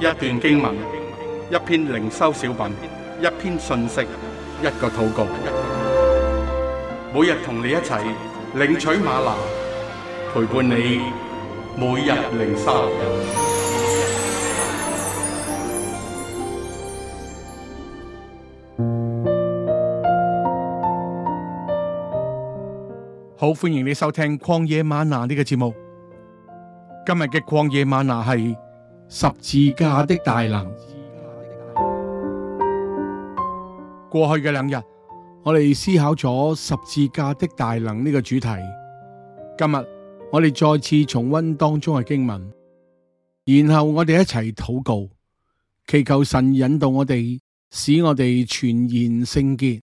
一段經文，一篇靈修小品，一篇信息，一個禱告。每日同你一齊領取嗎哪，陪伴你每日靈修。好，歡迎你收聽《曠野嗎哪》呢個節目。今日嘅曠野嗎哪係。十字架的大能。過去嘅兩日，我哋思考咗十字架的大能呢個主題。今日我哋再次重溫當中嘅經文，然後我哋一齊禱告，祈求神引導我哋，使我哋全然聖潔。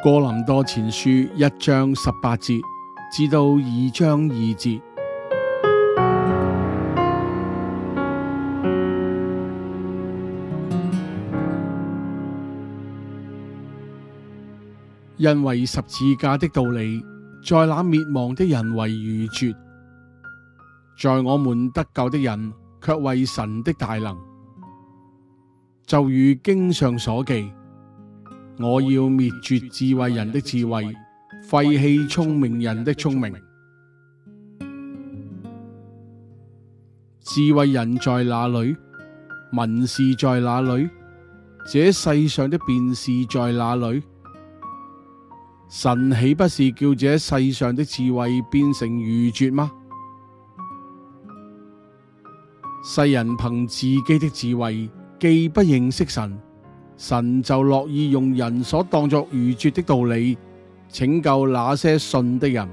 哥林多前書一章十八節至到二章二節，因為十字架的道理，在那滅亡的人為愚拙，在我們得救的人卻為神的大能，就如經上所記。我要滅絕智慧人的智慧，廢棄聰明人的聰明。智慧人在哪裏？文士在哪裏？這世上的辯士在哪裏？神豈不是叫這世上的智慧變成愚拙嗎？世人憑自己的智慧，既不認識神。神就樂意用人所當作愚拙的道理拯救那些信的人，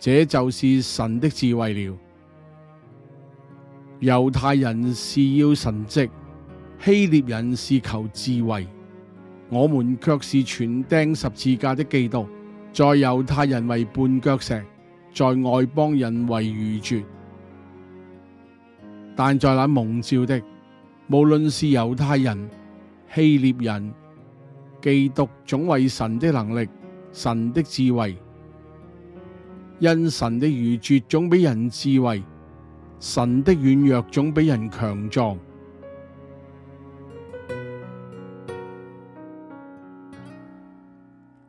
這就是神的智慧了。猶太人是要神蹟，希臘人是求智慧，我們卻是傳釘十字架的基督。在猶太人為絆腳石，在外邦人為愚拙，但在那蒙召的。無論是猶太人、希臘人，基督總為神的能力、神的智慧，因神的愚拙總比人智慧，神的軟弱總比人強壯。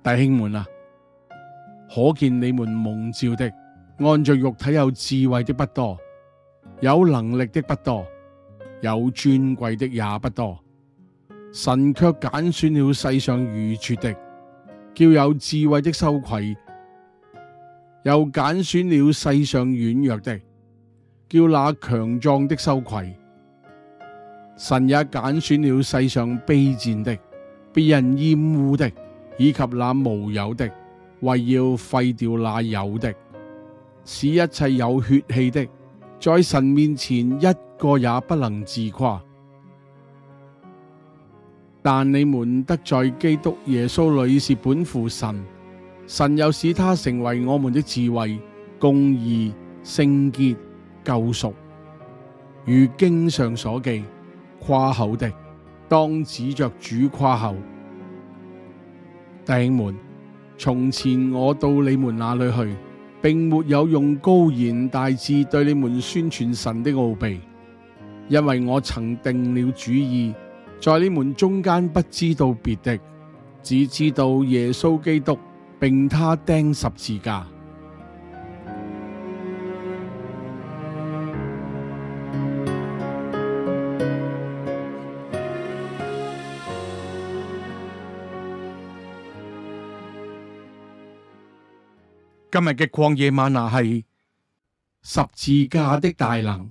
弟兄們啊，可見你們蒙召的，按着肉體有智慧的不多，有能力的不多。有尊貴的也不多，神卻揀選了世上愚拙的，叫有智慧的羞愧；又揀選了世上軟弱的，叫那強壯的羞愧。神也揀選了世上卑賤的、被人厭惡的以及那無有的，為要廢掉那有的，使一切有血氣的。在神面前一個也不能自誇，但你們得在基督耶穌裏是本乎神，神又使他成為我們的智慧、公義、聖潔、救贖。如經上所記：誇口的當指着主誇口。弟兄們，從前我到你們那裏去。並沒有用高言大智對你們宣傳神的奧祕，因為我曾定了主意，在你們中間不知道別的，只知道耶穌基督，並他釘十字架。今日嘅曠野嗎哪，係十字架的大能，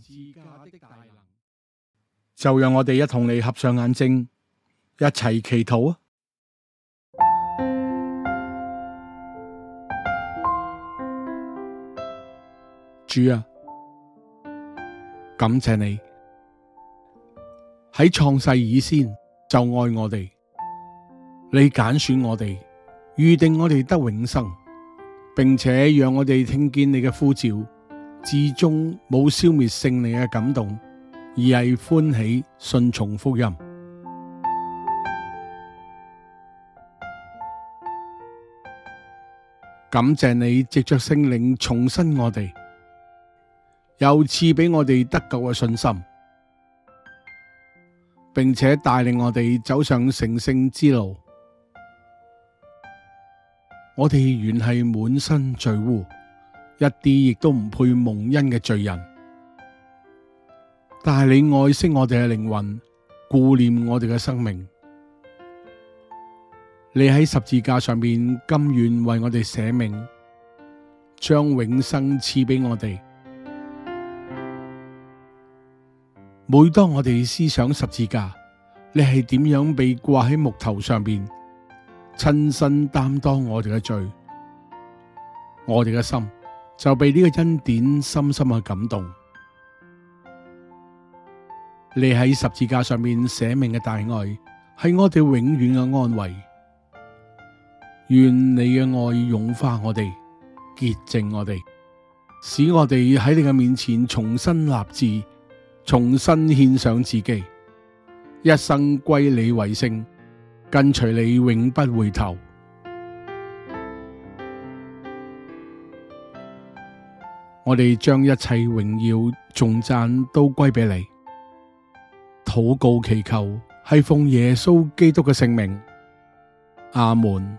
就讓我哋一同你合上眼睛，一齊祈禱啊！主啊，感謝你喺創世以先就愛我哋，你揀選我哋，預定我哋得永生。並且讓我哋聽見你嘅呼召，至終冇消滅聖靈嘅感動，而係歡喜順從福音。感謝你藉着聖靈重生我哋，又賜俾我哋得救嘅信心，並且帶領我哋走上成聖之路。我哋原係滿身罪污，一啲亦都唔配蒙恩嘅罪人。但係你愛惜我哋嘅靈魂，顧念我哋嘅生命，你喺十字架上面甘願為我哋捨命，將永生賜俾我哋。每當我哋思想十字架，你係點樣被掛喺木頭上邊，親身擔當我哋嘅罪，我哋嘅心就被呢個恩典深深嘅感動。你喺十字架上面捨命嘅大愛，係我哋永遠嘅安慰。願你嘅愛融化我哋，潔淨我哋，使我哋喺你嘅面前重新立志，重新獻上自己，一生歸你為聖。跟隨你永不回頭，我哋將一切榮耀頌讚都歸俾你。禱告祈求係奉耶穌基督嘅聖名，阿門。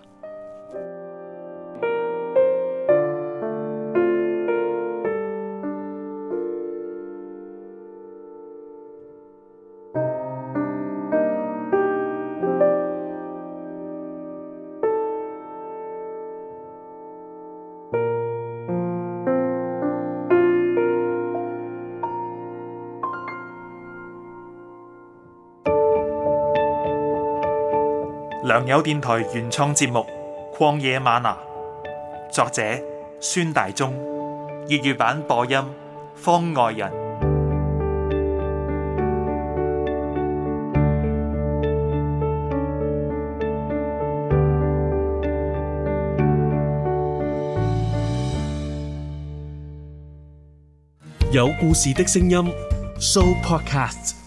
良友電台原創節目《曠野嗎哪》，作者孫大中，粵語版播音方外人，有故事的聲音 show podcast。